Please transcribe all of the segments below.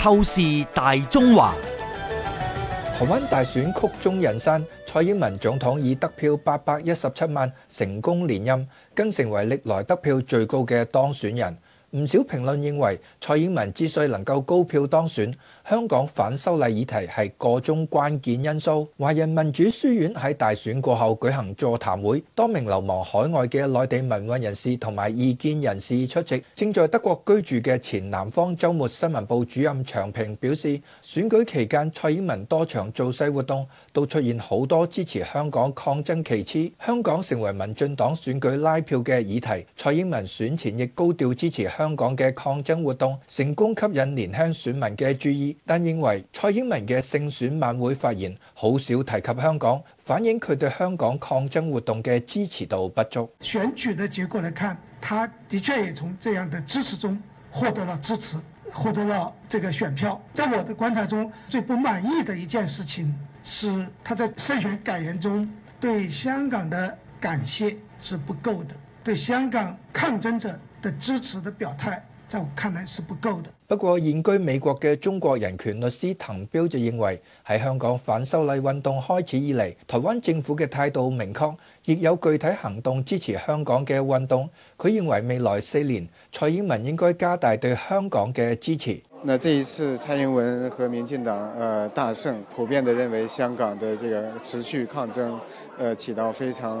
透視大中華，台灣大選曲終人散，蔡英文總統以得票八百一十七萬成功連任，更成為歷來得票最高嘅當選人。唔少評論認為蔡英文之所以能夠高票當選，香港反修例議題係箇中關鍵因素。華人民主書院喺大選過後舉行座談會，多名流亡海外嘅內地民運人士同埋異見人士出席。正在德國居住嘅前南方週末新聞部主任長平表示，選舉期間蔡英文多場造勢活動都出現好多支持香港抗爭旗幟，香港成為民進黨選舉拉票嘅議題。蔡英文選前亦高調支持。香港嘅抗爭活動成功吸引年輕選民嘅注意，但認為蔡英文嘅勝選晚會發言好少提及香港，反映佢對香港抗爭活動嘅支持度不足。選舉的結果來看，他的確也從這樣的支持中獲得了支持，獲得了這個選票。在我的觀察中，最不滿意的一件事情是他在勝選感言中對香港的感謝是不夠的，對香港抗爭者。的支持的表態，在我看來是不夠的。不過，現居美國嘅中國人權律師滕彪就認為，喺香港反修例運動開始以嚟，台灣政府嘅態度明確，亦有具體行動支持香港嘅運動。佢認為未來四年，蔡英文應該加大對香港嘅支持。那這一次蔡英文和民進黨呃，大勝，普遍的認為香港的這個持續抗爭呃，起到非常。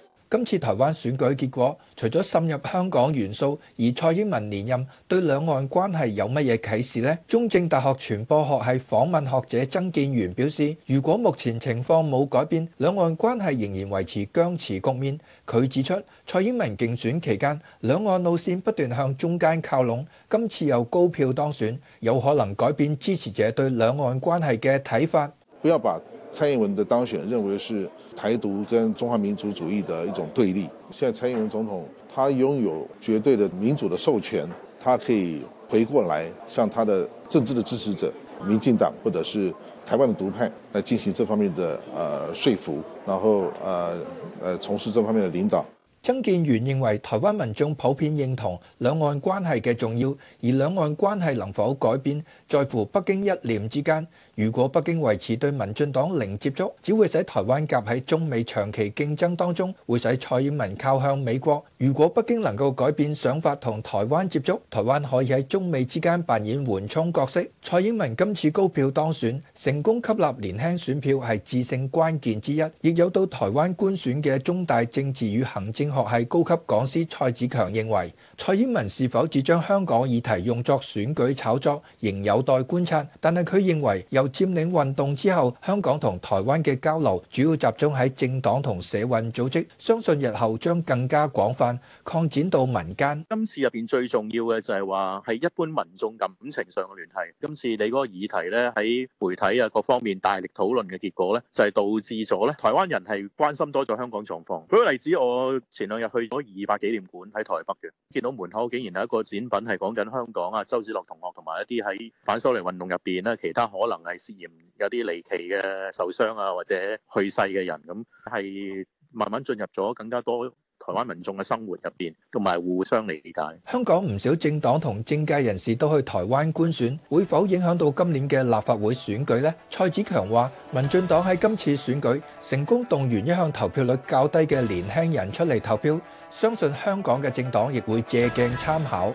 今次台灣選舉結果，除咗滲入香港元素，而蔡英文連任對兩岸關係有乜嘢啟示呢？中正大學傳播學系訪問學者曾建元表示，如果目前情況冇改變，兩岸關係仍然維持僵持局面。佢指出，蔡英文競選期間，兩岸路線不斷向中間靠攏，今次又高票當選，有可能改變支持者對兩岸關係嘅睇法。比較蔡英文的當選，認為是台獨跟中華民族主義的一種對立。現在蔡英文總統，他擁有絕對的民主的授權，他可以回過來向他的政治的支持者、民進黨或者是台灣的獨派，來進行這方面的呃說服，然後啊，呃，從事這方面的領導。曾建元認為台灣民眾普遍認同兩岸關係嘅重要，而兩岸關係能否改變，在乎北京一念之間。如果北京維持對民進黨零接觸，只會使台灣夾喺中美長期競爭當中，會使蔡英文靠向美國。如果北京能夠改變想法，同台灣接觸，台灣可以喺中美之間扮演緩衝角色。蔡英文今次高票當選，成功吸納年輕選票係致勝關鍵之一。亦有到台灣觀選嘅中大政治與行政學系高級講師蔡子強認為，蔡英文是否只將香港議題用作選舉炒作，仍有待觀察。但係佢認為有。佔領運動之後，香港同台灣嘅交流主要集中喺政黨同社運組織，相信日後將更加廣泛擴展到民間。今次入邊最重要嘅就係話係一般民眾感情上嘅聯繫。今次你嗰個議題咧喺媒體啊，各方面大力討論嘅結果咧，就係導致咗咧台灣人係關心多咗香港狀況。舉個例子，我前兩日去咗二二八紀念館喺台北嘅，見到門口竟然有一個展品係講緊香港啊，周梓樂同學同埋一啲喺反修例運動入邊咧，其他可能係。係涉嫌有啲離奇嘅受傷啊，或者去世嘅人，咁係慢慢進入咗更加多台灣民眾嘅生活入邊，同埋互相理解。香港唔少政黨同政界人士都去台灣觀選，會否影響到今年嘅立法會選舉呢？蔡子強話：民進黨喺今次選舉成功動員一向投票率較低嘅年輕人出嚟投票，相信香港嘅政黨亦會借鏡參考。